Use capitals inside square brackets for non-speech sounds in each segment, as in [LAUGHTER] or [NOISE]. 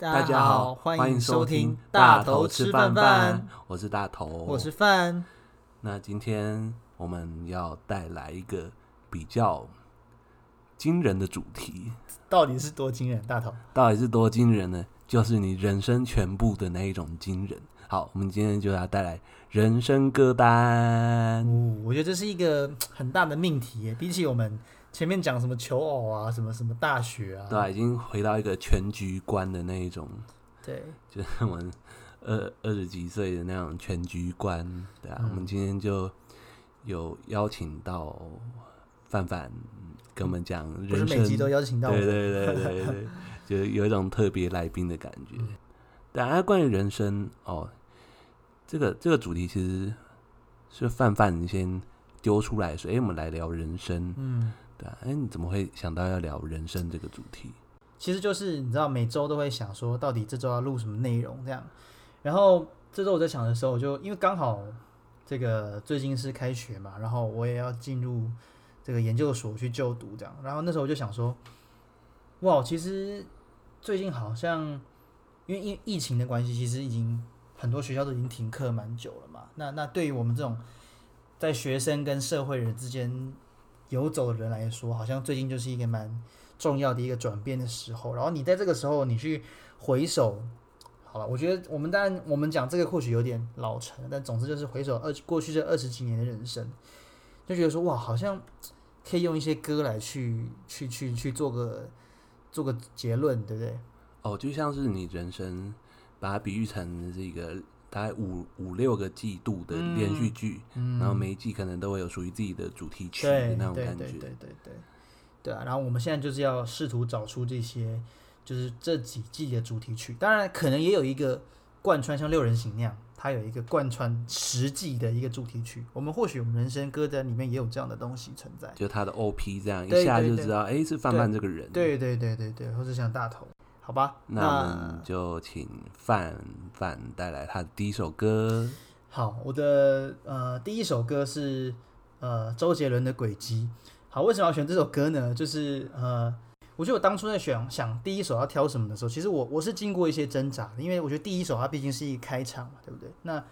大家好，歡迎收聽大頭吃飯飯，我是大頭，我是范。那今天我們要帶來一個比較驚人的主題，到底是多驚人？大頭，到底是多驚人呢？就是你人生全部的那一種驚人。好，我們今天就要帶來人生歌單。哦，我覺得這是一個很大的命題耶，比起我們。前面講什麼求偶啊，什麼什麼大學啊，對、啊，已經回到一個全局觀的那一種，對，就是我們二二十幾歲的那種全局觀，對啊。嗯、我們今天就有邀請到范范跟我們講人生，不是每集都邀請到，對，對對對對， [LAUGHS] 就有一種特別來賓的感覺。大家、嗯啊、關於人生哦，這個這個主題其實是范范先丟出來，說誒我們來聊人生，嗯。對啊，欸，你怎麼會想到要聊人生這個主題？其實就是你知道，每周都會想說，到底這周要錄什麼內容這樣。然後這周我在想的時候，我就因為剛好這個最近是開學嘛，然後我也要進入這個研究所去就讀這樣。然後那時候我就想說，哇，其實最近好像因為因疫情的關係，其實已經很多學校都已經停課蠻久了嘛。那。那那對於我們這種在學生跟社會人之間。遊走的人來說，好像最近就是一個蠻重要的一個轉變的時候。然後你在這個時候，你去回首，好了，我覺得我們當然我們講這個或許有點老成，但總之就是回首二過去這二十幾年的人生，就覺得說哇，好像可以用一些歌來去去去去做個做個結論，對不對？哦，就像是你人生把它比喻成這個。大概五五六個季度的連續劇，嗯，嗯，然後每一季可能都會有屬於自己的主題曲那種感覺，對對對對，對，對，對啊，然後我們現在就是要試圖找出這些，就是這幾季的主題曲。當然，可能也有一個貫穿，像六人行那樣，它有一個貫穿十季的一個主題曲。我們或許我們人生歌單裡面也有這樣的東西存在，就是它的 OP 這樣，對對對對一下就知道，哎、欸，是范范這個人，對對對對對，或者像大頭。好吧，那我們就請范范帶來他的第一首歌。好，我的呃第一首歌是呃周杰倫的《軌跡》。好，為什麼要選這首歌呢？就是呃，我覺得我當初在選想第一首要挑什麼的時候，其實我我是經過一些掙扎的，因為我覺得第一首它畢竟是一開場嘛，對不對？那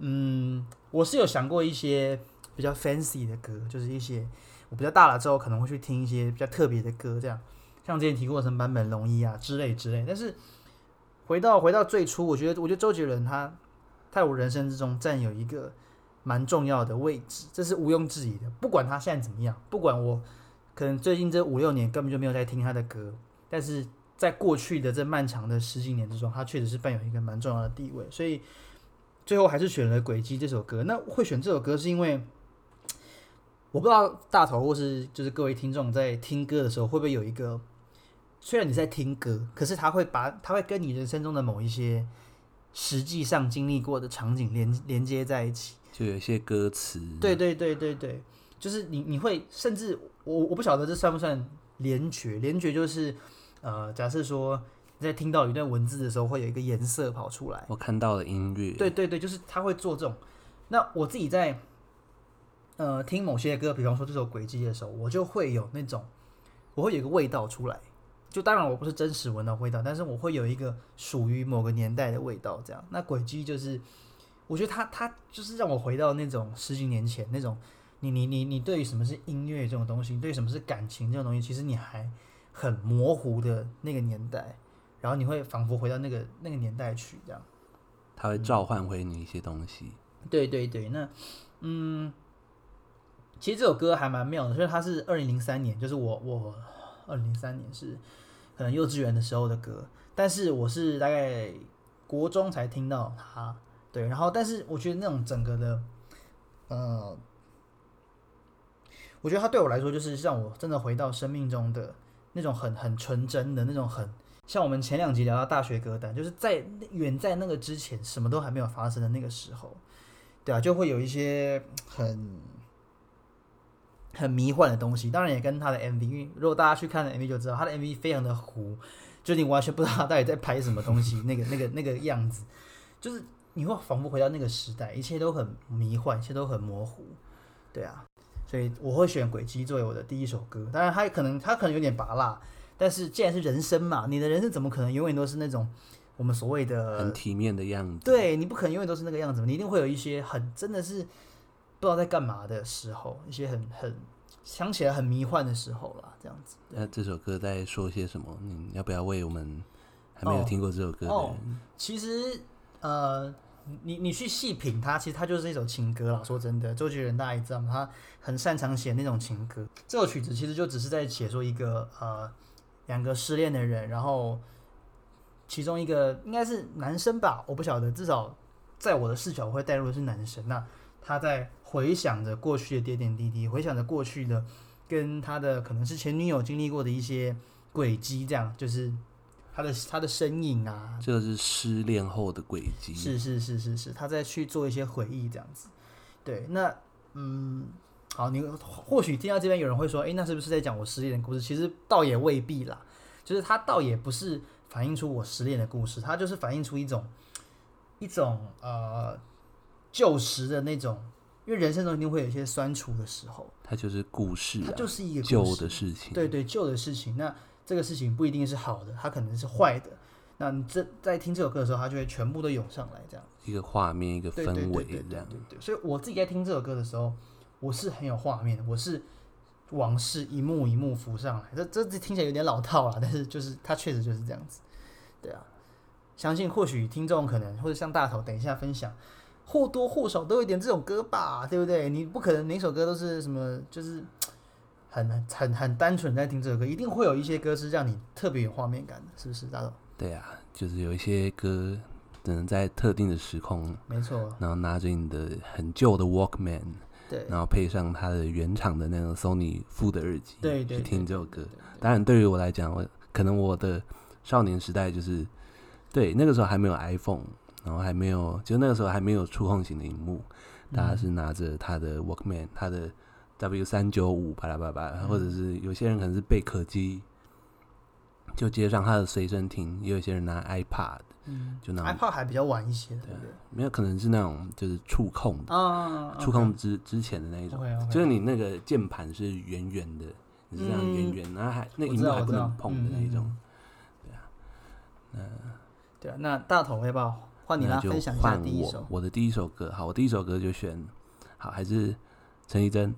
嗯，我是有想過一些比較 fancy 的歌，就是一些我比較大了之後可能會去聽一些比較特別的歌這樣。像之前提過什麼坂本龍一啊之類之類，但是回到回到最初，我覺得我覺得周杰倫他在我人生之中佔有一個蠻重要的位置，這是毋庸置疑的。不管他現在怎麼樣，不管我可能最近這五六年根本就沒有在聽他的歌，但是在過去的這漫長的十幾年之中，他確實是伴有一個蠻重要的地位。所以最後還是選了《軌跡》這首歌。那會選這首歌是因為我不知道大頭或是就是各位聽眾在聽歌的時候會不會有一個。雖然你在聽歌，可是它會把，它會跟你人生中的某一些實際上經歷過的場景連連接在一起，就有一些歌詞。對對對對對，就是你你會甚至我我不曉得這算不算聯覺，聯覺就是呃，假設說你在聽到一段文字的時候，會有一個顏色跑出來，我看到了音樂。對對對，就是它會做這種。那我自己在呃聽某些歌，比方說這首《軌跡》的時候，我就會有那種，我會有一個味道出來。就當然我不是真實聞到味道，但是我會有一個屬於某個年代的味道，這樣。那軌跡就是，我覺得他他就是讓我回到那種十幾年前那種你，你你你你對於什麼是音樂這種東西，對於什麼是感情這種東西，其實你還很模糊的那個年代，然後你會仿佛回到那個那個年代去，這樣。他會召喚回你一些東西。嗯、對對對，那嗯，其實這首歌還蠻妙的，因為它是二零零三年，就是我我二零零三年是，可能幼稚園的時候的歌，但是我是大概國中才聽到他，對，然後但是我覺得那種整個的，呃、嗯，我覺得他對我來說就是讓我真的回到生命中的那種很很純真的那種很，像我們前兩集聊到大學歌單，就是在遠在那個之前什麼都還沒有發生的那個時候，對啊，就會有一些很。很迷幻的東西，當然也跟他的 MV，因為如果大家去看了 MV 就知道，他的 MV 非常的糊，就你完全不知道他到底在拍什麼東西， [LAUGHS] 那個那個那個樣子，就是你會仿佛回到那個時代，一切都很迷幻，一切都很模糊，對啊，所以我會選《軌跡》作為我的第一首歌，當然他可能他可能有點芭樂，但是既然是人生嘛，你的人生怎麼可能永遠都是那種我們所謂的很體面的樣子？對，你不可能永遠都是那個樣子，你一定會有一些很真的是。不知道在幹嘛的時候，一些很很想起來很迷幻的時候啦，這樣子。那這首歌在說些什麼？你要不要為我們還沒有聽過這首歌的人？哦哦，其實呃，你你去細品它，其實它就是一首情歌啦。說真的，周杰倫大家也知道嗎？他很擅長寫那種情歌。這首曲子其實就只是在寫說一個呃，兩個失戀的人，然後其中一個應該是男生吧，我不曉得，至少在我的視角我會帶入的是男生。那他在。回想着過去的點點滴滴，回想着過去的跟他的可能是前女友經歷過的一些軌跡，這樣就是他的他的身影啊。這個是失戀後的軌跡啊。是是是是是，他在去做一些回憶，這樣子。對，那嗯，好，你或許聽到這邊有人會說，哎，那是不是在講我失戀的故事？其實倒也未必啦，就是他倒也不是反映出我失戀的故事，他就是反映出一種一種呃舊時的那種。因為人生中一定會有一些酸楚的時候，它就是故事啊，它就是一個舊的事情，對對對，舊的事情。那這個事情不一定是好的，它可能是壞的。那你這在聽這首歌的時候，它就會全部都湧上來，這樣一個畫面，一個氛圍的這樣。對對對，所以我自己在聽這首歌的時候，我是很有畫面的，我是往事一幕一幕浮上來。這這聽起來有點老套了，但是就是它確實就是這樣子。對啊，相信或許聽眾可能或者像大頭等一下分享。或多或少都會點這種歌吧，對不對？你不可能哪首歌都是什麼，就是很很很單純在聽這首歌，一定會有一些歌是讓你特別有畫面感的，是不是，大頭？對啊，就是有一些歌只能在特定的時空，嗯、沒錯。然後拿着你的很舊的 Walkman，對，然後配上它的原廠的那個 Sony 附的耳機，對對，去聽這首歌。當然，對於我來講我，可能我的少年時代就是對那個時候還沒有 iPhone。然後還沒有，就那個時候還沒有觸控型的熒幕，大家是拿着他的 Walkman，他的 W 三九五巴拉巴拉，或者是有些人可能是貝殼機，就接上他的隨身聽，也有些人拿 iPod，就那種 iPod 還比較晚一些，對，沒有可能是那種就是觸控的，觸控之之前的那一種，就是你那個鍵盤是圓圓的，你是這樣圓圓，然後還那個螢幕還不能碰的那一種。對啊，那對啊，那大頭要不要？換你，換我，分享一下第一首，我的第一首歌。好，我第一首歌就選，好還是陳綺貞？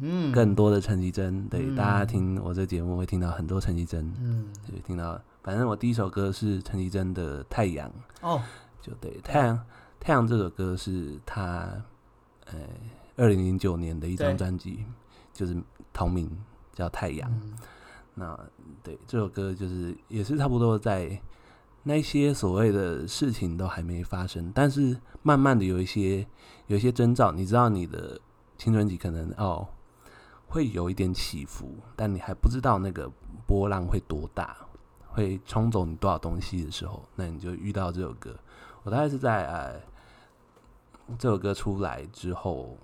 嗯，更多的陳綺貞。對，嗯，大家聽我這節目會聽到很多陳綺貞。嗯對，聽到。反正我第一首歌是陳綺貞的太《太陽》。哦，就對，太《太陽》《太陽》這首歌是她，呃，二零零九年的一張專輯，對就是同名叫太《太陽、嗯》那。那對這首歌就是也是差不多在。那些所謂的事情都還沒發生，但是慢慢的有一些有一些徵兆，你知道你的青春期可能哦會有一點起伏，但你還不知道那個波浪會多大，會沖走你多少東西的時候，那你就遇到這首歌。我大概是在呃、哎、這首歌出來之後，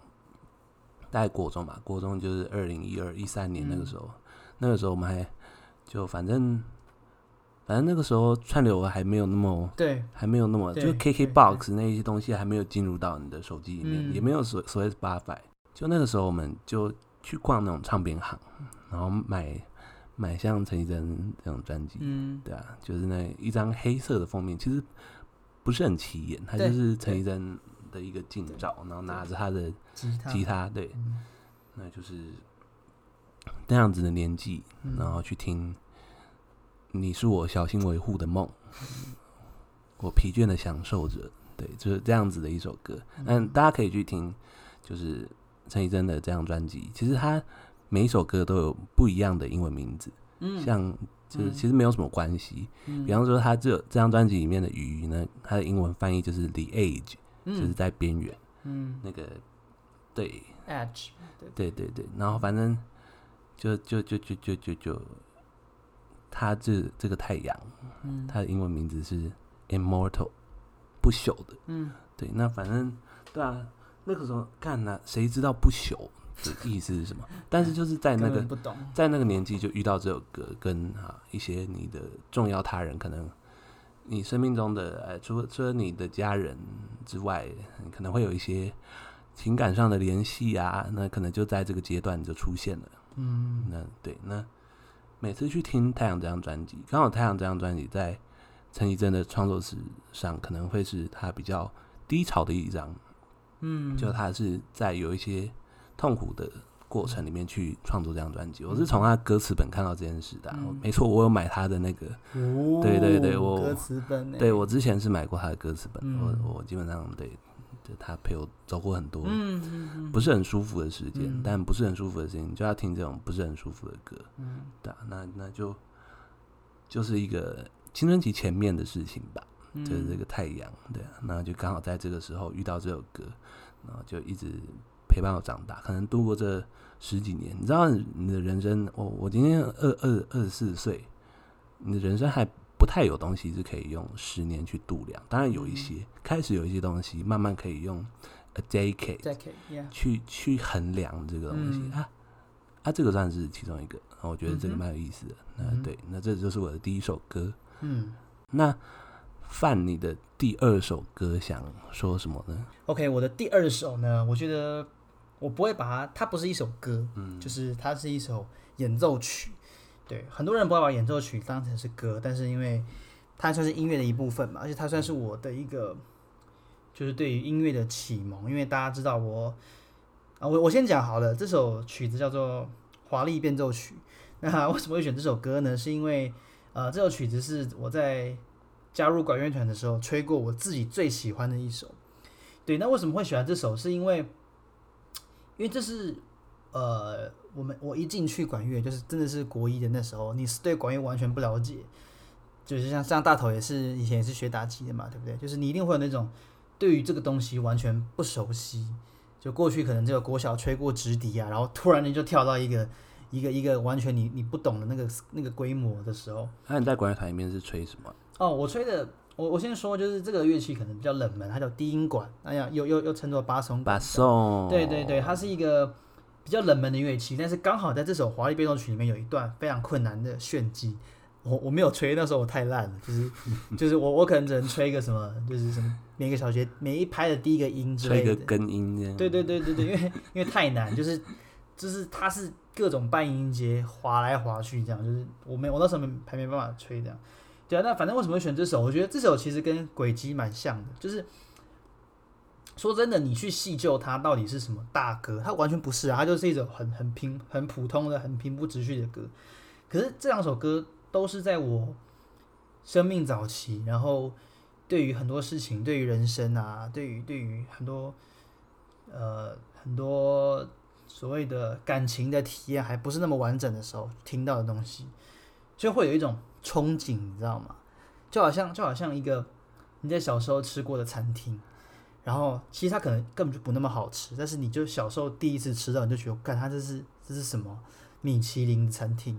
在國中吧，國中就是二零一二一三年那個時候，嗯、那個時候我們還就反正。反正那個時候串流還沒有那麼，對，還沒有那麼，就 KKBOX 那一些東西還沒有進入到你的手機裡面，也沒有所所謂的八百。就那個時候，我們就去逛那種唱片行，然後買買像陳綺貞這種專輯，嗯，對啊，就是那一張黑色的封面，其實不是很起眼，它就是陳綺貞的一個近照，然後拿着他的吉他，吉他，對，那就是那樣子的年紀，然後去聽。你是我小心維護的夢， [LAUGHS] 我疲倦的享受着，對，就是這樣子的一首歌。嗯，很棒，大家可以去聽，就是陳綺貞的這張專輯。其實她每一首歌都有不一樣的英文名字，嗯，像就是其實沒有什麼關係。嗯、比方說，他這這張專輯裡面的《魚》呢，它的英文翻譯就是 The Edge，嗯，The Edge 就是在邊緣，嗯，那個對 Edge，對，對對對，然後反正就就就就就就就。就就就就就就他這這個太陽，嗯，他的英文名字是 Immortal，不朽的，嗯，對，那反正對啊，那個時候看呢，誰知道不朽的意思是什麼？ [LAUGHS] 但是就是在那個在那個年紀就遇到這首歌，跟啊一些你的重要他人，可能你生命中的呃、哎，除了除了你的家人之外，可能會有一些情感上的聯繫啊，那可能就在這個階段就出現了，嗯，那對那。對那每次去聽太《太陽》這張專輯，剛好《太陽》這張專輯在陳綺貞的創作史上可能會是她比較低潮的一張，嗯，就她是在有一些痛苦的過程裡面去創作這張專輯。嗯、我是從她歌詞本看到這件事的、啊嗯，沒錯，我有買她的那個，哦、對對對，我歌詞本、欸，對我之前是買過她的歌詞本，嗯、我我基本上對。就他陪我走過很多，不是很舒服的時間，嗯嗯、但不是很舒服的事情，嗯、就要聽這種不是很舒服的歌，嗯，對、啊，那那就就是一個青春期前面的事情吧，嗯、就是這個太陽，對、啊，那就剛好在這個時候遇到這首歌，然後就一直陪伴我長大，可能度過這十幾年，你知道你，你的人生，我我今天二二二十四歲，你的人生還。不太有東西是可以用十年去度量，當然有一些、嗯、開始有一些東西，慢慢可以用 a decade Decade, 去 Yeah. 去衡量這個東西、嗯、啊啊，這個算是其中一個，我覺得這個蠻有意思的。嗯、哼那對，那這就是我的第一首歌。嗯，那范你的第二首歌想說什麼呢？OK，我的第二首呢，我覺得我不會把它，它不是一首歌，嗯，就是它是一首演奏曲。對，很多人不會把演奏曲當成是歌，但是因為它算是音樂的一部分嘛，而且它算是我的一個，就是對於音樂的啟蒙。因為大家知道我啊，我我先講好了，這首曲子叫做《華麗變奏曲》。那為什麼會選這首歌呢？是因為呃，這首曲子是我在加入管樂團的時候吹過我自己最喜歡的一首。對，那為什麼會喜歡這首？是因為因為這是呃。我們我一進去管樂，就是真的是國一的那時候，你是對管樂完全不了解，就是像像大頭也是以前也是學打擊的嘛，對不對？就是你一定會有那種對於這個東西完全不熟悉，就過去可能只有國小吹過直笛啊，然後突然間就跳到一個一個一個完全你你不懂的那個那個規模的時候。那、啊、你在管樂團裡面是吹什麼？哦，我吹的，我我先說，就是這個樂器可能比較冷門，它叫低音管，哎呀，又又又稱作巴松。巴松。對對對，它是一個。比較冷門的樂器，但是剛好在這首華麗變奏曲裡面有一段非常困難的炫技，我我沒有吹，那時候我太爛了，就是就是我我可能只能吹一個什麼， [LAUGHS] 就是什麼每個小節每一拍的第一個音之類的，吹個根音這樣。對對對對對，因為因為太難，就是就是它是各種半音階滑來滑去這樣，就是我沒我那時候沒還沒辦法吹這樣。對啊，那反正為什麼選這首？我覺得這首其實跟軌跡蠻像的，就是。說真的，你去細究它到底是什麼大歌，它完全不是啊，它就是一種很很平、很普通的、很平鋪直敘的歌。可是這兩首歌都是在我生命早期，然後對於很多事情、對於人生啊、對於對於很多呃很多所謂的感情的體驗還不是那麼完整的時候聽到的東西，就會有一種憧憬，你知道嗎？就好像就好像一個你在小時候吃過的餐廳。然後其實它可能根本就不那麼好吃，但是你就小時候第一次吃到，你就覺得，看它這是這是什麼米其林餐廳？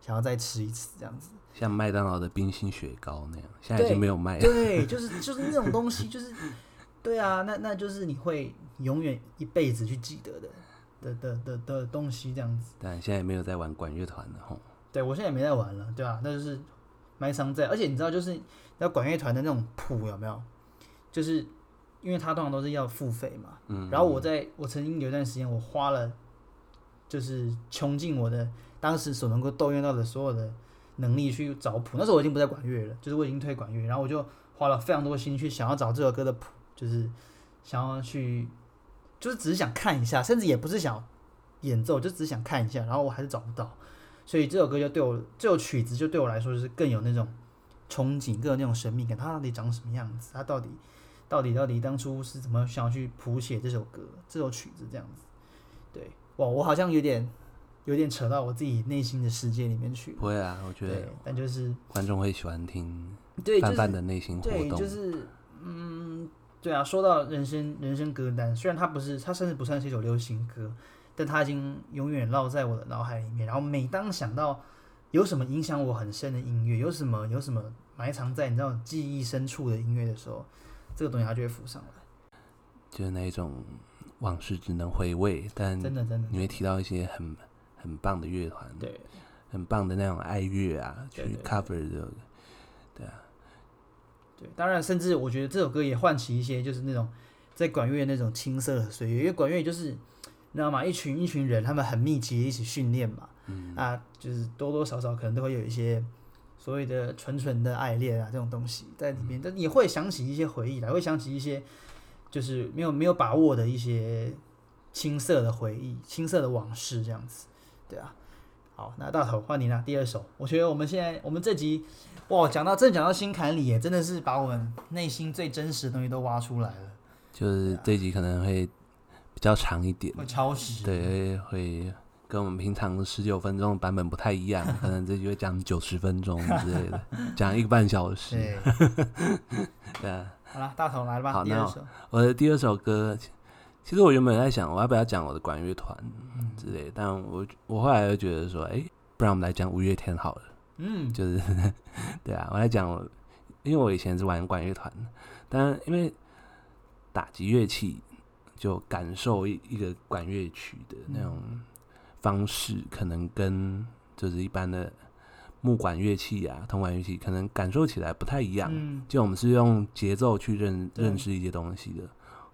想要再吃一次這樣子，像麥當勞的冰心雪糕那樣，現在對已經沒有賣了。對，就是就是那種東西，就是 [LAUGHS] 對啊，那那就是你會永遠一輩子去記得的的的的的,的東西這樣子。但現在也沒有在玩管樂團了吼。對，我現在也沒在玩了，對啊，那就是麥上在，而且你知道，就是那管樂團的那種譜有沒有？就是。因為他通常都是要付費嘛，然後我在我曾經有一段時間，我花了就是窮盡我的當時所能夠動用到的所有的能力去找譜。那時候我已經不在管樂了，就是我已經退管樂，然後我就花了非常多心去想要找這首歌的譜，就是想要去，就是只是想看一下，甚至也不是想演奏，就只是想看一下。然後我還是找不到，所以這首歌就對我這首曲子就對我來說就是更有那種憧憬，更有那種神秘感。它到底長什麼樣子？它到底？到底，到底當初是怎麼想要去譜寫這首歌、這首曲子這樣子？對，哇，我好像有點，有點扯到我自己內心的世界裡面去。不會啊，我覺得我對，但就是觀眾會喜歡聽范范的內心活動對、就是。對，就是，嗯，對啊。說到人生，人生歌單，雖然它不是，它甚至不算是一首流行歌，但它已經永遠烙在我的腦海裡面。然後，每當想到有什麼影響我很深的音樂，有什麼，有什麼埋藏在你知道記憶深處的音樂的時候，這個東西它，就會浮上來，就是那一種往事只能回味，但真的真的，你會提到一些很很棒的樂團，對，很棒的那種愛樂啊，對對對對去 cover 的、這個，對啊，對，當然甚至我覺得這首歌也喚起一些就是那種在管樂那種青澀的歲月，因為管樂就是，你知道嗎？一群一群人，他們很密集一起訓練嘛，嗯啊，就是多多少少可能都會有一些。所謂的純純的愛戀啊，這種東西在裡面，嗯、但也會想起一些回憶來，會想起一些就是沒有沒有把握的一些青澀的回憶、青澀的往事這樣子，對啊。好，那大頭換你呢，第二首。我覺得我們現在我們這集哇，講到正講到心坎裡，也真的是把我們內心最真實的東西都挖出來了。啊、就是這集可能會比較長一點，會超時，對，會。跟我們平常十九分鐘版本不太一樣，可能這就會講九十分鐘之類的，講 [LAUGHS] 一個半小時。對， [LAUGHS] 對啊、好了，大頭來吧？好，第二首那我我的第二首歌，其實我原本在想，我要不要講我的管樂團之類，嗯、但我我後來又覺得說，哎、欸，不然我們來講五月天好了。嗯，就是對啊，我來講，因為我以前是玩管樂團，但因為打擊樂器，就感受一一個管樂曲的那種。嗯方式可能跟就是一般的木管樂器啊，銅管樂器，可能感受起來不太一樣。嗯，就我們是用節奏去認認識一些東西的，對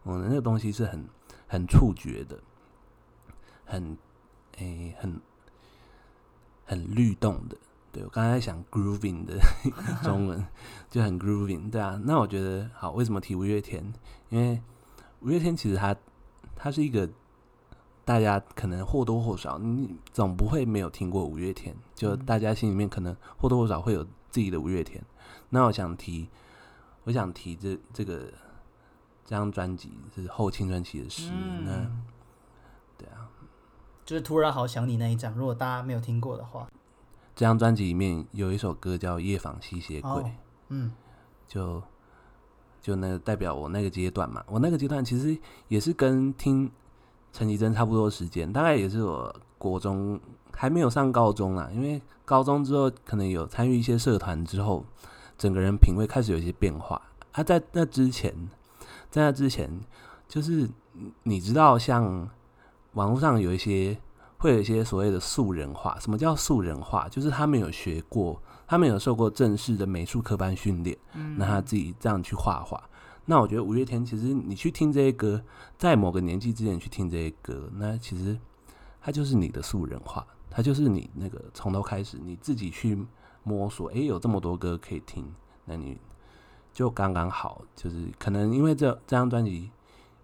我們的那個東西是很很觸覺的，很誒、欸，很很律動的。對，我剛才在想 grooving 的 [LAUGHS] 中文就很 grooving，對啊。那我覺得好，為什麼提五月天？因為五月天其實他他是一個。大家可能或多或少，你總不會沒有聽過五月天。就大家心裡面可能或多或少會有自己的五月天。嗯、那我想提，我想提這這個這張專輯是後青春期的詩。嗯、那對啊，就是突然好想你那一張。如果大家沒有聽過的話，這張專輯裡面有一首歌叫《夜訪吸血鬼》哦。嗯，就就那個代表我那個階段嘛。我那個階段其實也是跟聽。陳綺貞差不多時間，大概也是我國中還沒有上高中啦，因為高中之後可能有參與一些社團之後，整個人品味開始有一些變化。他、啊、在那之前，在那之前，就是你知道，像網絡上有一些會有一些所謂的素人畫，什麼叫素人畫，就是他們有學過，他們有受過正式的美術科班訓練，那他自己這樣去畫畫。嗯那我覺得五月天，其實你去聽這些歌，在某個年紀之前去聽這些歌，那其實它就是你的素人化，它就是你那個從頭開始你自己去摸索。哎、欸，有這麼多歌可以聽，那你就剛剛好。就是可能因為這這張專輯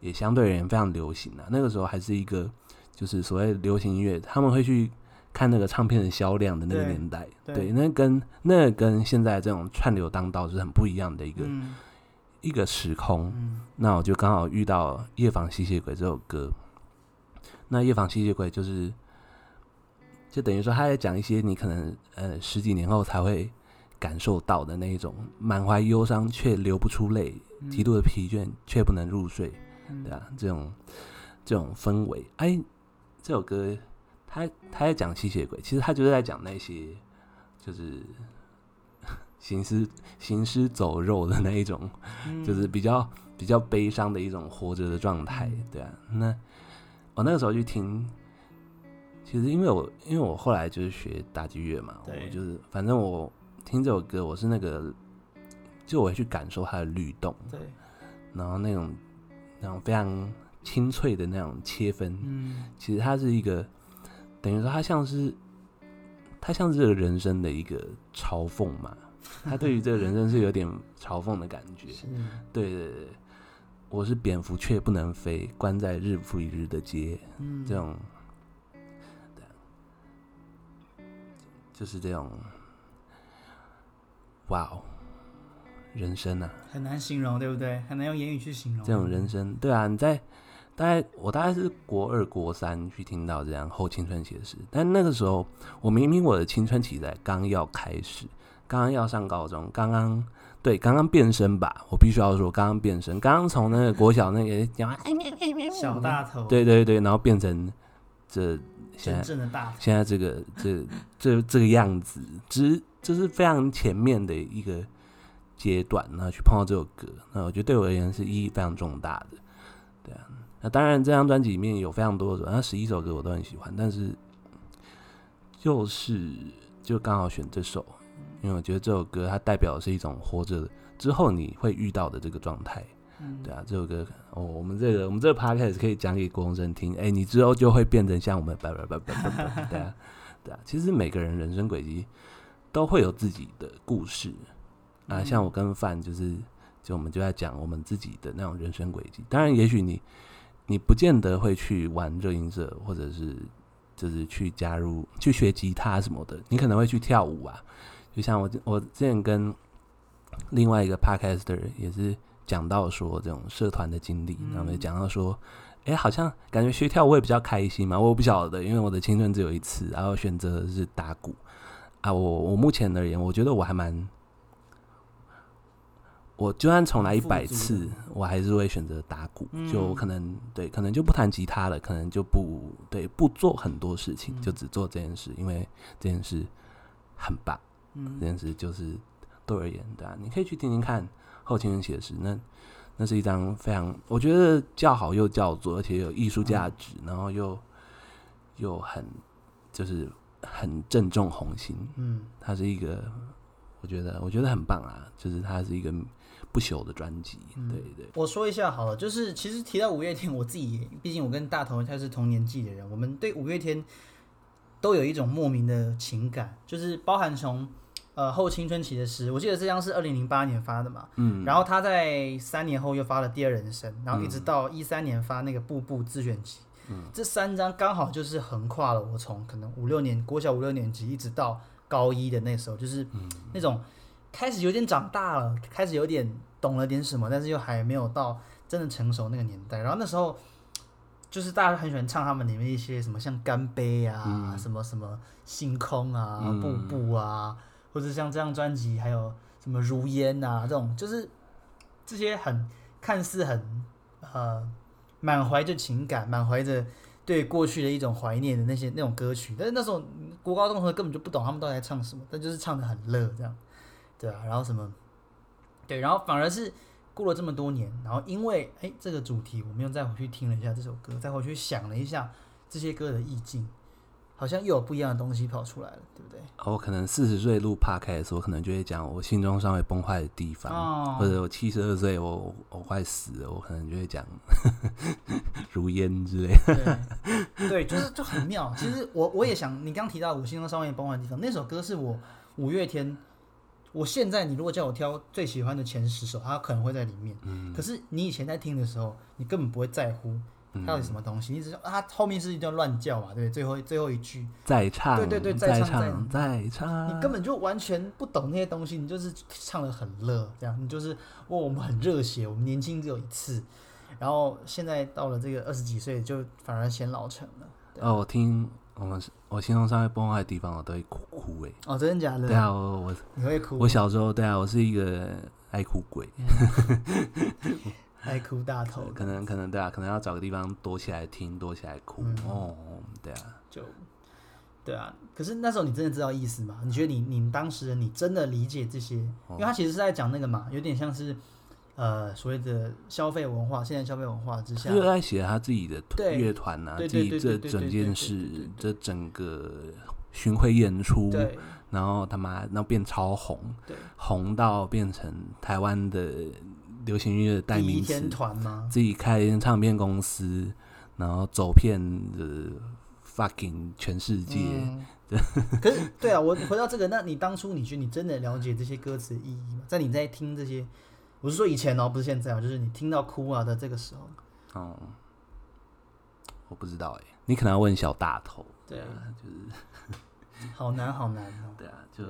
也相對而言非常流行啊，那個時候還是一個就是所謂流行音樂，他們會去看那個唱片的銷量的那個年代。對，對，對，那跟那跟現在這種串流當道是很不一樣的一個。嗯一個時空，嗯、那我就剛好遇到《夜訪吸血鬼》這首歌。那《夜訪吸血鬼》就是，就等於說他在講一些你可能呃十幾年後才會感受到的那一種滿懷憂傷卻流不出淚、嗯、極度的疲倦卻不能入睡，嗯、對啊，這種這種氛圍。哎，這首歌他他在講吸血鬼，其實他就是在講那些就是。行屍行屍走肉的那一種，嗯、就是比較比較悲傷的一種活着的狀態，對啊。那我那個時候去聽，其實因為我因為我後來就是學打擊樂嘛，對我就是反正我聽這首歌，我是那個就我會去感受它的律動，對。然後那種那種非常清脆的那種切分，嗯、其實它是一個等於說它像是它像是這個人生的一個嘲諷嘛。 [LAUGHS] 他對於這個人生是有點嘲諷的感覺，是對對對，我是蝙蝠卻不能飛，關在日復一日的街，嗯、這種，對，就是這種，哇、哦，人生啊，很難形容，對不對？很難用言語去形容這種人生。對啊，你在大概我大概是國二、國三去聽到這樣後青春期的詩，但那個時候我明明我的青春期在剛要開始。剛剛要上高中，剛剛，對，剛剛變聲吧。我必須要說，剛剛變聲，剛剛從那個國小那個小大頭，對對對，然後變成這現在真正的大頭，現在這個這這這個樣子，只這是非常前面的一個階段。然後去碰到這首歌，那我覺得對我而言是意義非常重大的。對啊，那當然這張專輯裡面有非常多的，那十一首歌我都很喜歡，但是就是就剛好選這首。因為我覺得這首歌它代表的是一種活着之後你會遇到的這個狀態，嗯，對啊，這首歌哦，我們這個我們這個 podcast 可以講給公生聽，哎，你之後就會變成像我們，對啊， [LAUGHS] 對啊，其實每個人人生軌跡都會有自己的故事啊，嗯、像我跟范就是，就我們就在講我們自己的那種人生軌跡。當然，也許你你不見得會去玩熱音社，或者是就是去加入去學吉他什麼的，你可能會去跳舞啊。就像我我之前跟另外一個 podcaster 也是講到說，這種社團的經歷，嗯、然後講到說，哎、欸，好像感覺學跳舞也比較開心嘛。我不曉得，因為我的青春只有一次，然後選擇是打鼓啊。我我目前而言，我覺得我還蠻，我就算重來一百次，足我還是會選擇打鼓。嗯、就可能對，可能就不彈吉他了，可能就不對，不做很多事情，就只做這件事，嗯、因為這件事很棒。嗯、這件事就是對而言的、啊，你可以去聽聽看《後青春期的詩》，那那是一張非常我覺得叫好又叫座，而且有藝術價值，嗯、然後又又很就是很正中紅心。嗯，它是一個我覺得我覺得很棒啊，就是它是一個不朽的專輯。對對，嗯、我說一下好了，就是其實提到五月天，我自己畢竟我跟大頭他是同年紀的人，我們對五月天都有一種莫名的情感，就是包含從。呃，後青春期的詩，我記得這張是二零零八年發的嘛，嗯、然後他在三年後又發了第二人生，然後一直到一三年發那個《步步》自選集，嗯、這三張剛好就是橫跨了我從可能五六年、嗯、國小五六年級一直到高一的那時候，就是那種開始有點長大了，嗯、開始有點懂了點什麼，但是又還沒有到真的成熟的那個年代。然後那時候就是大家都很喜歡唱他們裡面一些什麼像《乾杯》啊，嗯、什麼什麼《星空》啊，嗯《步步》啊。或者像這張專輯，還有什麼《如煙》吶、啊，這種就是這些很看似很呃滿懷着情感，滿懷着對過去的一種懷念的那些那種歌曲。但是那時候國高中時候根本就不懂他們到底在唱什麼，但就是唱的很樂，這樣對啊。然後什麼對，然後反而是過了這麼多年，然後因為哎、欸、這個主題，我們又再回去聽了一下這首歌，再回去想了一下這些歌的意境。好像又有不一樣的東西跑出來了，對不對？哦、我可能四十歲路岔開的時候，可能就會講我心中尚未崩壞的地方，哦、或者我七十二歲，我我快死了，我可能就會講 [LAUGHS] 如煙之類。對， [LAUGHS] 對，就是 [LAUGHS] 就很妙。其實我我也想，你剛剛提到我心中尚未崩壞的地方，那首歌是我五月天。我現在，你如果叫我挑最喜歡的前十首，它可能會在裡面。嗯、可是你以前在聽的時候，你根本不會在乎。到底什麼東西？嗯、你只是啊，後面是一段亂叫嘛？對，最後最後一句再唱，對對對，再唱再唱，你根本就完全不懂那些東西，你就是唱的很樂。這樣，你就是哦，我們很熱血，我們年輕只有一次，然後現在到了這個二十幾歲，就反而顯老成了。哦，我聽我們我心中稍微崩壞的地方，我都會哭哭哎、欸。哦，真的假的？對啊，我我你會哭？我小時候對啊，我是一個愛哭鬼。嗯 [LAUGHS] 愛哭大頭，可能可能對啊，可能要找個地方躲起來聽，躲起來哭、嗯、哦、嗯，對啊，就對啊。可是那時候你真的知道意思嗎？你覺得你你們當時人你真的理解這些？嗯、因為他其實是在講那個嘛，有點像是呃所謂的消費文化，現在消費文化之下，就在寫他自己的樂團吶，對自己這整件事，這整個巡迴演出，對然後他媽那變超紅，對紅到變成台灣的。流行音樂的代名詞，自己開唱片公司，然後走遍的 fucking 全世界。嗯、對，可是對啊，我回到這個， [LAUGHS] 那你當初你覺得，你真的了解這些歌詞的意義嗎？在你在聽這些，我是說以前哦、喔，不是現在啊、喔，就是你聽到哭啊的這個時候，哦、嗯，我不知道哎、欸，你可能要問小大頭，對啊，對啊，就是好難好難、喔、對啊，就。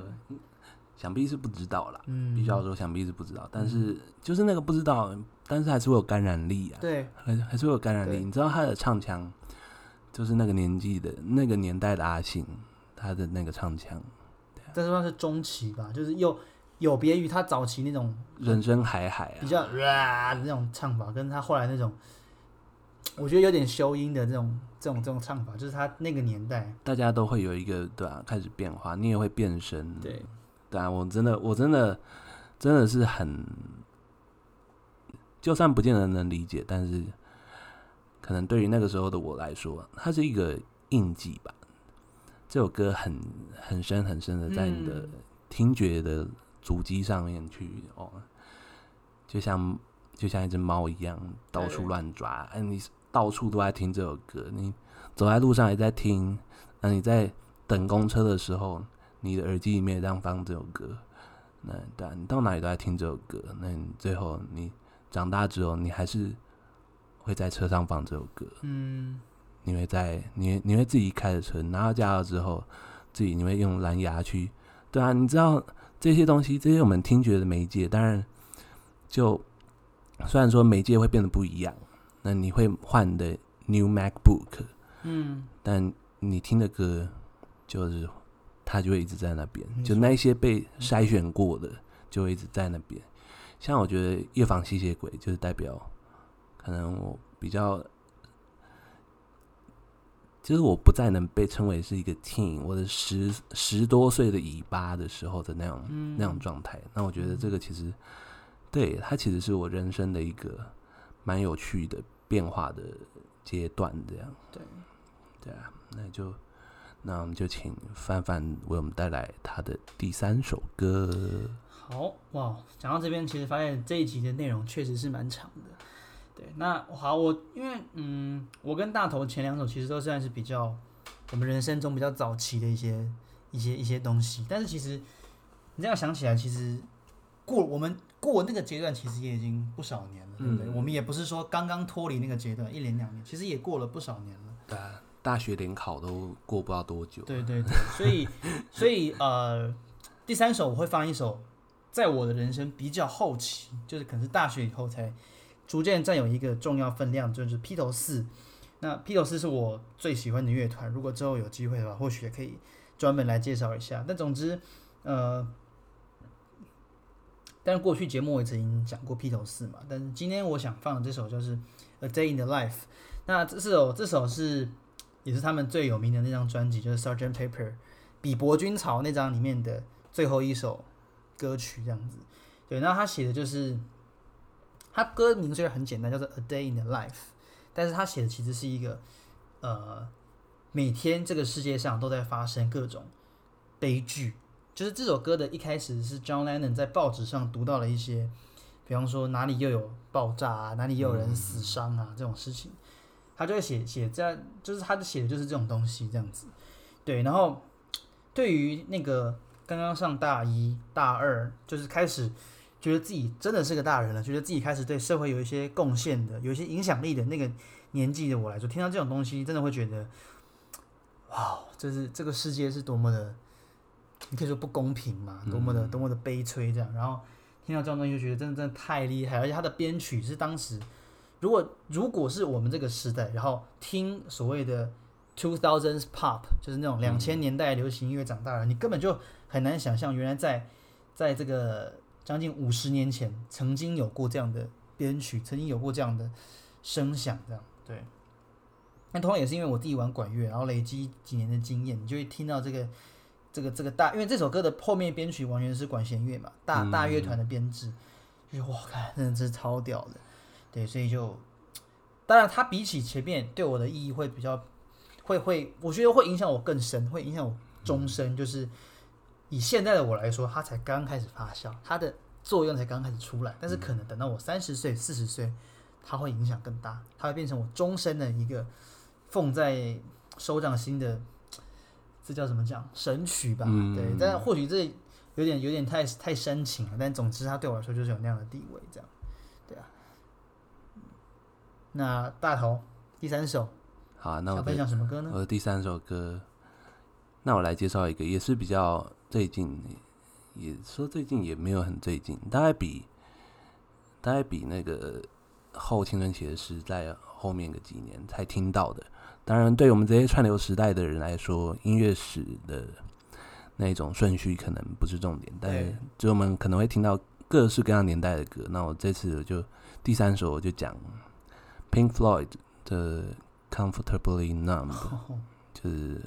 想必是不知道啦。嗯，必須要說，想必是不知道。嗯、但是就是那個不知道，但是還是會有感染力啊。對，還還是會有感染力。對你知道他的唱腔，就是那個年紀的、那個年代的阿信，他的那個唱腔。啊、但是他是中期吧，就是又有別於他早期那種人生海海啊，比較、rap、的那種唱法，跟他後來那種，我覺得有點修音的這種、這種、這種唱法，就是他那個年代，大家都會有一個對吧、啊？開始變化，你也會變身，對。對啊，我真的，我真的，真的是很，就算不見得能理解，但是，可能對於那個時候的我來說，它是一個印記吧。這首歌很很深很深的在你的聽覺的主機上面去、嗯、哦，就像就像一隻貓一樣到處亂抓。嗯、哎呦哎，你到處都在聽這首歌，你走在路上也在聽，嗯、啊，你在等公車的時候。你的耳機裡面讓放這首歌，那對啊，你到哪裡都在聽這首歌，那你最後你長大之後，你還是會在車上放這首歌，嗯，你會在你你會自己開着車，拿到駕照之後，自己你會用藍牙去，對啊，你知道這些東西，這些我們聽覺的媒介，當然就雖然說媒介會變得不一樣，那你會換你的 New MacBook，嗯，但你聽的歌就是。他就會一直在那邊，沒錯，就那一些被篩選過的就會一直在那邊。嗯、像我覺得夜訪吸血鬼就是代表，可能我比較，就是，我不再能被稱為是一個 team，我的十十多歲的尾巴的時候的那種、嗯、那種狀態。那我覺得這個其實，嗯、對它其實是我人生的一個蠻有趣的變化的階段，這樣對對啊，那就。那我們就請范范為我們帶來他的第三首歌。好哇，講到這邊，其實發現這一集的內容確實是蠻長的。對，那好，我因為嗯，我跟大頭前兩首其實都算是，是比較我們人生中比較早期的一些一些一些東西。但是其實你這樣想起來，其實過我們過那個階段，其實也已經不少年了，對不對？嗯、對，我們也不是說剛剛脫離那個階段一年兩年，其實也過了不少年了。對。大學聯考都過不了多久。啊，對對對，所以所以呃，第三首我會放一首，在我的人生比較後期，就是可能是大學以後才逐漸占有一個重要分量，就是披頭四。那披頭四是我最喜歡的樂團，如果之後有機會的話，或許也可以專門來介紹一下。但總之，呃，但過去節目我也曾經講過披頭四嘛，但是今天我想放的這首就是《A Day in the Life》。那這首這首是。也是他們最有名的那張專輯，就是《Sgt. Pepper》比伯軍曹那張裡面的最後一首歌曲，這樣子。對，那他寫的就是，他歌名雖然很簡單，叫做《A Day in the Life》，但是他寫的其實是一個，呃，每天這個世界上都在發生各種悲劇。就是這首歌的一開始是 John Lennon 在報紙上讀到了一些，比方說哪裡又有爆炸啊，哪裡又有人死傷啊、嗯、這種事情。他就會寫寫這樣，就是他寫的就是這種東西，這樣子，對。然後，對於那個剛剛上大一、大二，就是開始覺得自己真的是個大人了，覺得自己開始對社會有一些貢獻的、有一些影響力的那個年紀的我來說，聽到這種東西，真的會覺得，哇，這是這個世界是多麼的，你可以說不公平嘛，多麼的、嗯、多麼的悲催這樣。然後聽到這種東西，就覺得真的真的太厲害，而且他的編曲是當時。如果如果是我們這個時代，然後聽所謂的 two thousand pop，就是那種兩千年代流行音樂，長大了，嗯、你根本就很難想象原來在在這個將近五十年前，曾經有過這樣的編曲，曾經有過這樣的聲響，這樣對。那、嗯、同樣也是因為我自己玩管樂，然後累積幾年的經驗，你就會聽到這個這個這個大，因為這首歌的後面編曲完全是管弦樂嘛，大、嗯、大樂團的編制，就是我靠，真的是超屌的。對，所以就，當然，它比起前面對我的意義會比較，會會，我覺得會影響我更深，會影響我終身。嗯、就是以現在的我來說，它才剛開始發酵，它的作用才剛開始出來，但是可能等到我三十歲、四十歲，它會影響更大，它會變成我終身的一個放在手掌心的，這叫什麼講？神曲吧？嗯、對，但或許這有點有點太太深情了，但總之，它對我來說就是有那樣的地位，這樣，對啊。那大頭第三首好、啊，那我分享什麼歌呢？我第三首歌，那我來介紹一個，也是比較最近，也說最近也沒有很最近，大概比大概比那個後青春期的時代後面的幾年才聽到的。當然，對我們這些串流時代的人來說，音樂史的那種順序可能不是重點，哎、但有我們可能會聽到各式各樣年代的歌。那我這次就第三首我就講。Pink Floyd 的《Comfortably Numb》，oh, 就是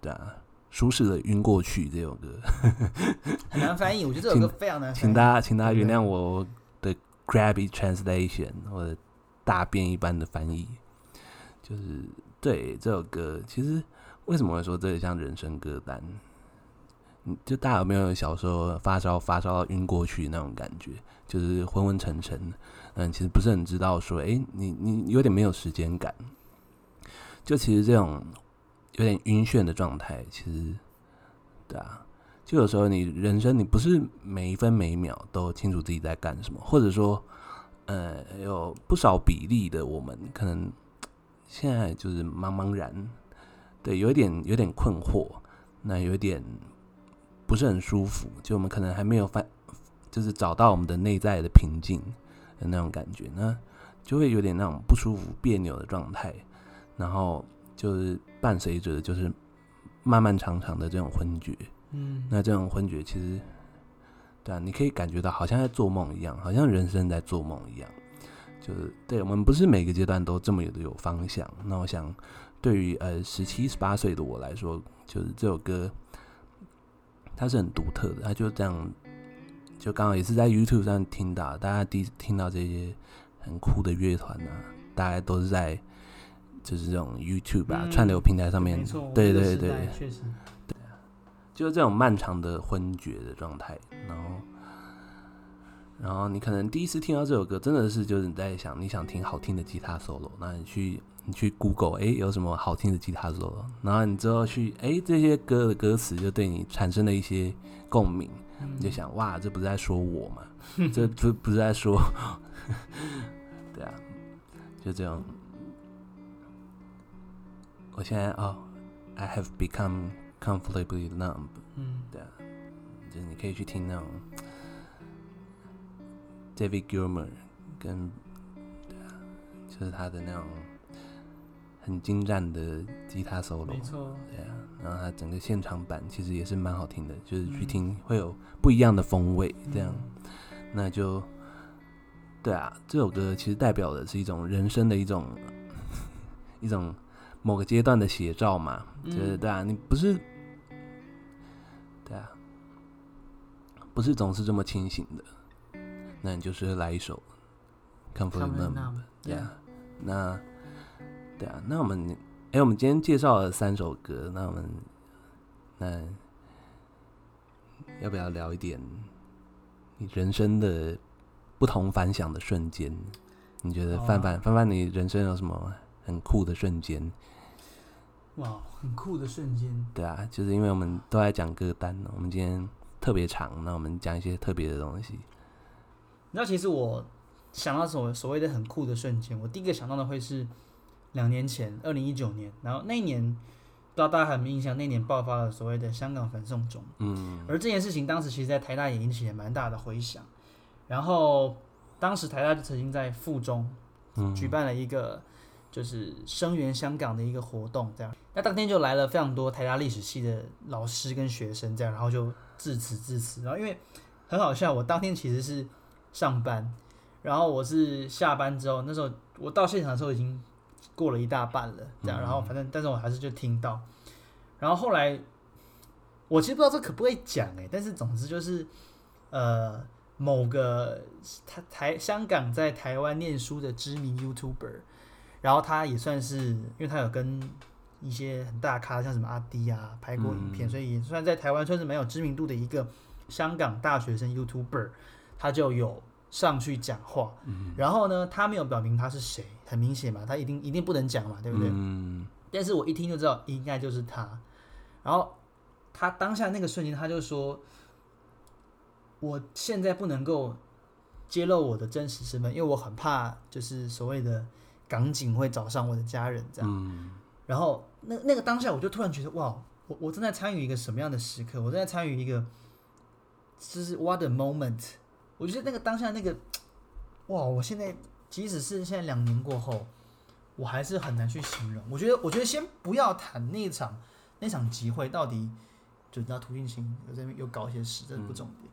對啊，舒適的暈過去這首歌， [LAUGHS] 很難翻譯。 [LAUGHS] 啊、我覺得這首歌非常難翻譯。請、請大家，請大家原諒我的 crappy translation，我的、這個、大便一般的翻譯。就是對這首歌，其實為什麼會說這個像人生歌單？就大家有沒有小時候發燒發燒暈過去那種感覺？就是昏昏沉沉，嗯，其實不是很知道說，誒、欸，你你有點沒有時間感，就其實這種有點暈眩的狀態，其實對啊，就有時候你人生你不是每一分每一秒都清楚自己在幹什麼，或者說，呃，有不少比例的我們可能現在就是茫茫然，對，有一點有點困惑，那有點。不是很舒服，就我們可能還沒有翻，就是找到我們的內在的平靜的那種感覺，那就會有點那種不舒服、彆扭的狀態，然後就是伴隨着就是漫漫長長的這種昏厥，嗯，那這種昏厥其實，對啊，你可以感覺到好像在做夢一樣，好像人生在做夢一樣，就是對我們不是每個階段都這麼有的有方向。那我想，對於呃十七十八歲的我來說，就是這首歌。它是很獨特的，它就這樣，就剛好也是在 YouTube 上聽到，大家第一次聽到這些很酷的樂團吶，大家都是在就是這種 YouTube 吧、啊嗯、串流平台上面，沒錯，對，對，對對對，對，就是這種漫長的昏厥的狀態，然後。然後你可能第一次聽到這首歌，真的是就是你在想，你想聽好聽的吉他 solo，那你去你去 Google，誒，有什麼好聽的吉他 solo？然後你之後去，哎，這些歌的歌詞就對你產生了一些共鳴，你就想，哇，這不是在說我嗎？這不不是在說呵呵，對啊，就這樣。我現在哦，I have become comfortably numb。對啊，就是你可以去聽那種。David Gilmour 跟，對啊，就是他的那種很精湛的吉他 solo，沒錯，對啊，然後他整個現場版其實也是蠻好聽的，就是去聽會有不一樣的風味，這樣、嗯啊，那就對啊，這首歌其實代表的是一種人生的一種 [LAUGHS] 一種某個階段的寫照嘛，嗯、就是對啊，你不是對啊，不是總是這麼清醒的。.那你就是來一首 Comfortably Numb Yeah, 對》a h 那對啊，那我們哎、欸，我們今天介紹了三首歌，那我們那要不要聊一點你人生的不同凡響的瞬間？你覺得范范哇范范，你人生有什麼很酷的瞬間？哇，很酷的瞬間，對啊，就是因為我們都在講歌單，我們今天特別長，那我們講一些特別的東西。你知道，其實我想到所所謂的很酷的瞬間，我第一個想到的會是兩年前，二零一九年。然後那一年，不知道大家還有沒有印象，那一年爆發了所謂的香港反送中。嗯。而這件事情當時其實，在台大也引起了蠻大的回響。然後，當時台大就曾經在傅鐘舉辦了一個就是聲援香港的一個活動。這樣，嗯、那當天就來了非常多台大歷史系的老師跟學生。這樣，然後就致辭致辭。然後，因為很好笑，我當天其實是上班，然後我是下班之後，那時候我到現場的時候已經過了一大半了，這樣，然後反正，但是我還是就聽到，然後後來我其實不知道這可不可以講誒、欸，但是總之就是，呃，某個他台香港在台灣念書的知名 YouTuber，然後他也算是，因為他有跟一些很大咖，像什麼阿滴啊拍過影片，嗯、所以也算在台灣算是蠻有知名度的一個香港大學生 YouTuber。他就有上去講話，嗯、然後呢，他沒有表明他是誰，很明顯嘛，他一定一定不能講嘛，對不對？嗯、但是我一聽就知道應該就是他，然後他當下那個瞬間他就說：“我現在不能夠揭露我的真實身份，嗯、因為我很怕就是所謂的港警會找上我的家人。”這樣。嗯、然後那那個當下，我就突然覺得，哇，我我正在參與一個什麼樣的時刻？我正在參與一個就是 what a moment？我覺得那個當下那個，哇！我現在即使是現在兩年過後，我還是很難去形容。我覺得，我覺得先不要談那場那場集會到底，就在塗俊清有在又搞一些事，這不重點。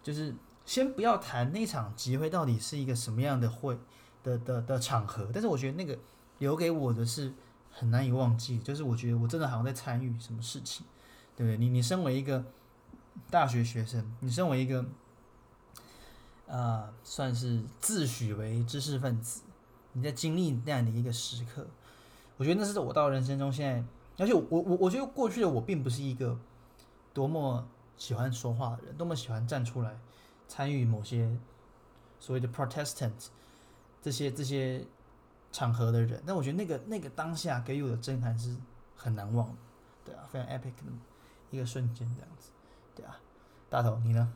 就是先不要談那場集會到底是一個什麼樣的會的的的場合。但是我覺得那個留給我的是很難以忘記。就是我覺得我真的好像在參與什麼事情，對不對？你你身為一個大學學生，你身為一個。啊、呃，算是自詡為知識分子，你在經歷那樣的一個時刻，我覺得那是我到人生中現在，而且我我我我覺得過去的我並不是一個多麼喜歡說話的人，多麼喜歡站出來參與某些所謂的 protestant 這些這些場合的人，但我覺得那個那個當下給予我的震撼是很難忘的，對啊，非常 epic 的一個瞬間這樣子，對啊，大頭你呢？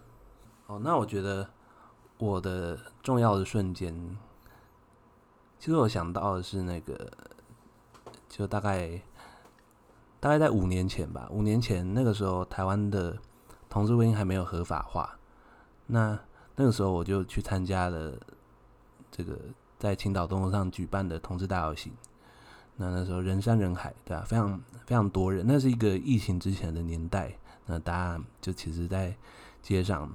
哦，那我覺得。我的重要的瞬間，其實我想到的是那個，就大概大概在五年前吧。五年前那個時候，台灣的同志婚姻還沒有合法化。那那個時候，我就去參加了這個在青島東路上舉辦的同志大遊行。那那時候人山人海，對吧？啊，非常非常多人。那是一個疫情之前的年代，那大家就其實，在街上。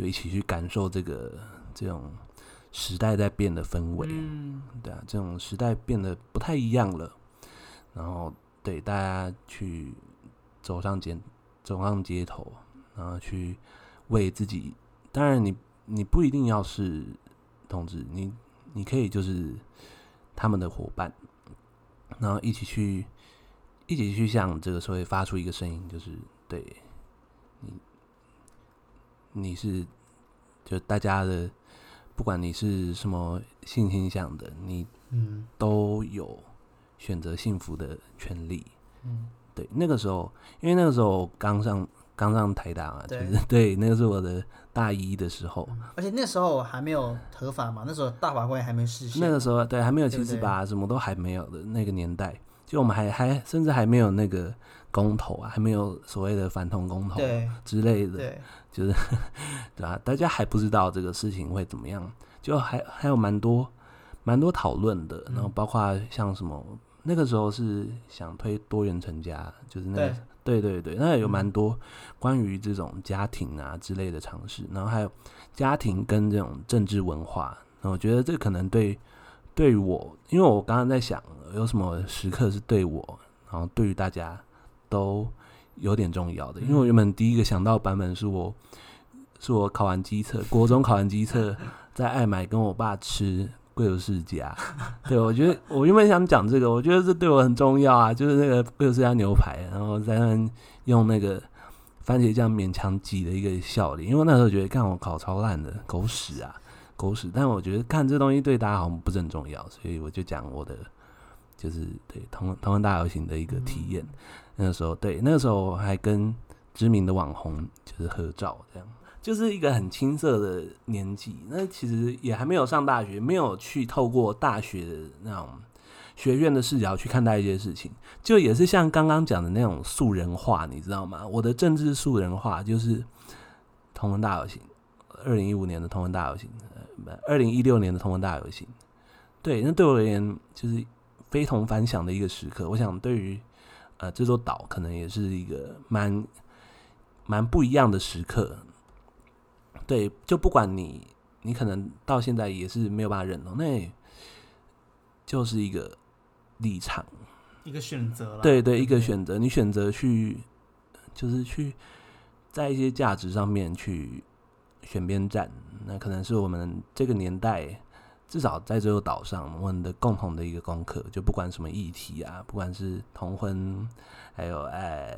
就一起去感受這個這種時代在變的氛圍，嗯，對啊，這種時代變得不太一樣了。然後對大家去走上街，走上街頭，然後去為自己。當然你、你你不一定要是同志，你你可以就是他們的夥伴，然後一起去，一起去向這個社會發出一個聲音，就是對你。你是，就大家的，不管你是什麼性傾向的，你嗯，都有選擇幸福的權利。嗯，對，那個時候，因為那個時候剛上剛上台大嘛，對、就是、對，那個是我的大一的時候，嗯、而且那時候還沒有合法嘛，嗯、那時候大法官還沒釋憲、啊，那個時候對還沒有七四八吧、啊，對對對，什麼都還沒有的那個年代。就我們還還甚至還沒有那個公投啊，還沒有所謂的反同公投之類的，就是對啊，大家還不知道這個事情會怎麼樣，就還還有蠻多蠻多討論的。嗯、然後包括像什麼那個時候是想推多元成家，就是那個，對對對對，那也有蠻多關於這種家庭啊之類的嘗試。然後還有家庭跟這種政治文化，那我覺得這可能對。對於我，因為我剛剛在想，有什麼時刻是對我，然後對於大家都有點重要的。因為我原本第一個想到版本是我，是我考完基測，國中考完基測，在愛買跟我爸吃貴族世家。對，我覺得我原本想講這個，我覺得這對我很重要啊，就是那個貴族世家牛排，然後在那邊用那個番茄醬勉強擠的一個笑臉，因為那時候覺得幹，我考超爛的狗屎啊。狗屎！但我覺得看這東西對大家好像不是很重要，所以我就講我的，就是對《同同文大遊行》的一個體驗。嗯、那個時候，對那個時候還跟知名的網紅就是合照，這樣就是一個很青澀的年紀。那其實也還沒有上大學，沒有去透過大學的那種學院的視角去看待一些事情。就也是像剛剛講的那種素人化，你知道嗎？我的政治素人化就是《同文大遊行》，二零一五年的《同文大遊行》。二零一六年的同文大遊行，對，那對我而言就是非同凡響的一個時刻。我想對，對於呃這座島，可能也是一個蠻蠻不一樣的時刻。對，就不管你你可能到現在也是沒有辦法認同，那就是一個立場，一個選擇。對，對對，okay. 一個選擇，你選擇去就是去在一些價值上面去。選邊站，那可能是我們這個年代，至少在這個島上，我們的共同的一個功課，就不管什麼議題啊，不管是同婚，還有哎，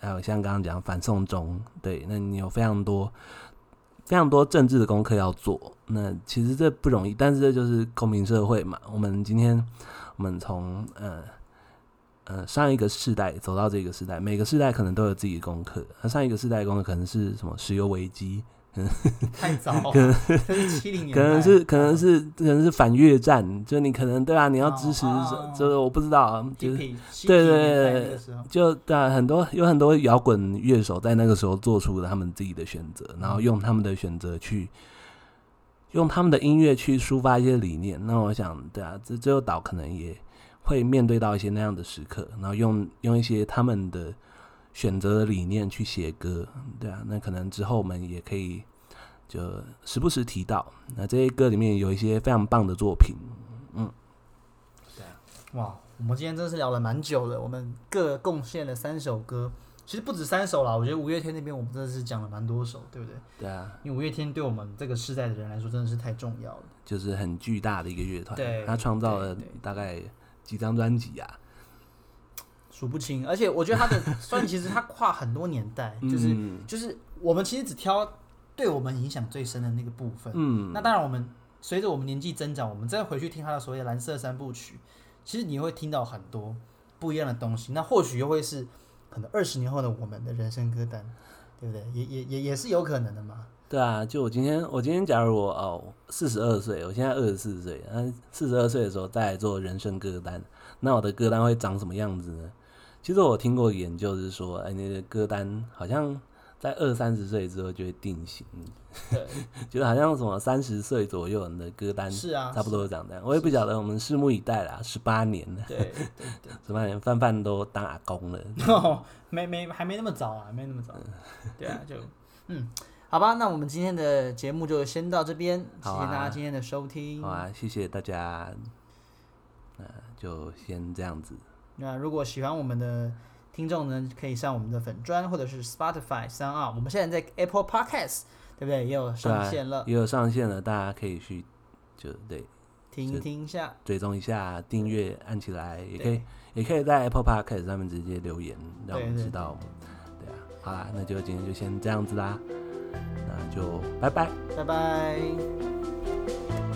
還有像剛剛講反送中，對，那你有非常多非常多政治的功課要做。那其實這不容易，但是這就是公民社會嘛。我們今天，我們從呃呃上一個世代走到這個時代，每個世代可能都有自己的功課。那上一個世代的功課可能是什麼？石油危機。嗯， [LAUGHS] 太早，是七零年代，可，可能是可能是可能是反越戰，就你可能對啊，你要支持，oh, wow, 就我不知道啊，對對對，就對啊，很多有很多搖滾樂手在那個時候做出了他們自己的選擇，然後用他們的選擇去，用他們的音樂去抒發一些理念。那我想，對啊，這最後島可能也會面對到一些那樣的時刻，然後用用一些他們的。選擇的理念去寫歌，對啊，那可能之後我們也可以就時不時提到。那這些歌裡面有一些非常棒的作品，嗯，嗯，對啊，哇，我們今天真的是聊了蠻久了，我們各貢獻了三首歌，其實不止三首啦。我覺得五月天那邊我們真的是講了蠻多首，對不對？對啊，因為五月天對我們這個時代的人來說真的是太重要了，就是很巨大的一個樂團，對，他創造了大概幾張專輯啊。數不清，而且我覺得他的雖然 [LAUGHS] 其實他跨很多年代，就是、嗯、就是我們其實只挑對我們影響最深的那個部分。嗯，那當然我們隨着我們年紀增長，我們再回去聽他的所謂藍色三部曲，其實你會聽到很多不一樣的東西。那或許又會是可能二十年後的我們的人生歌單，對不對？也也也也是有可能的嘛。對啊，就我今天，我今天假如我哦四十二歲，我現在二十四歲，嗯，四十二歲的時候再來做人生歌單，那我的歌單會長什麼樣子呢？其實我聽過一個研究就是說，哎、欸，你的歌單好像在二三十歲之後就會定型，對， [LAUGHS] 就好像什麼三十歲左右人的歌單是啊，差不多是這樣。我也不曉得，我們拭目以待啦，十八年了，對，十八 [LAUGHS] 年范范都當阿公了，哦， [LAUGHS] 沒沒還沒那麼早啊，還沒那麼早，啊，對，對啊，就對嗯，好吧，那我們今天的節目就先到這邊，謝謝、啊、大家今天的收聽，好啊，謝謝大家，呃、就先這樣子。那如果喜歡我們的聽眾呢，可以上我們的粉專，或者是 Spotify 上啊。我們現在在 Apple Podcast，對不對？也有上線了，也有上線了，大家可以去就對聽聽一下，追蹤一下，訂閱按起來，也可以對也可以在 Apple Podcast 上面直接留言，讓,對對對對讓我們知道。對啊，好啦，那就今天就先這樣子啦，那就拜拜，拜拜。拜拜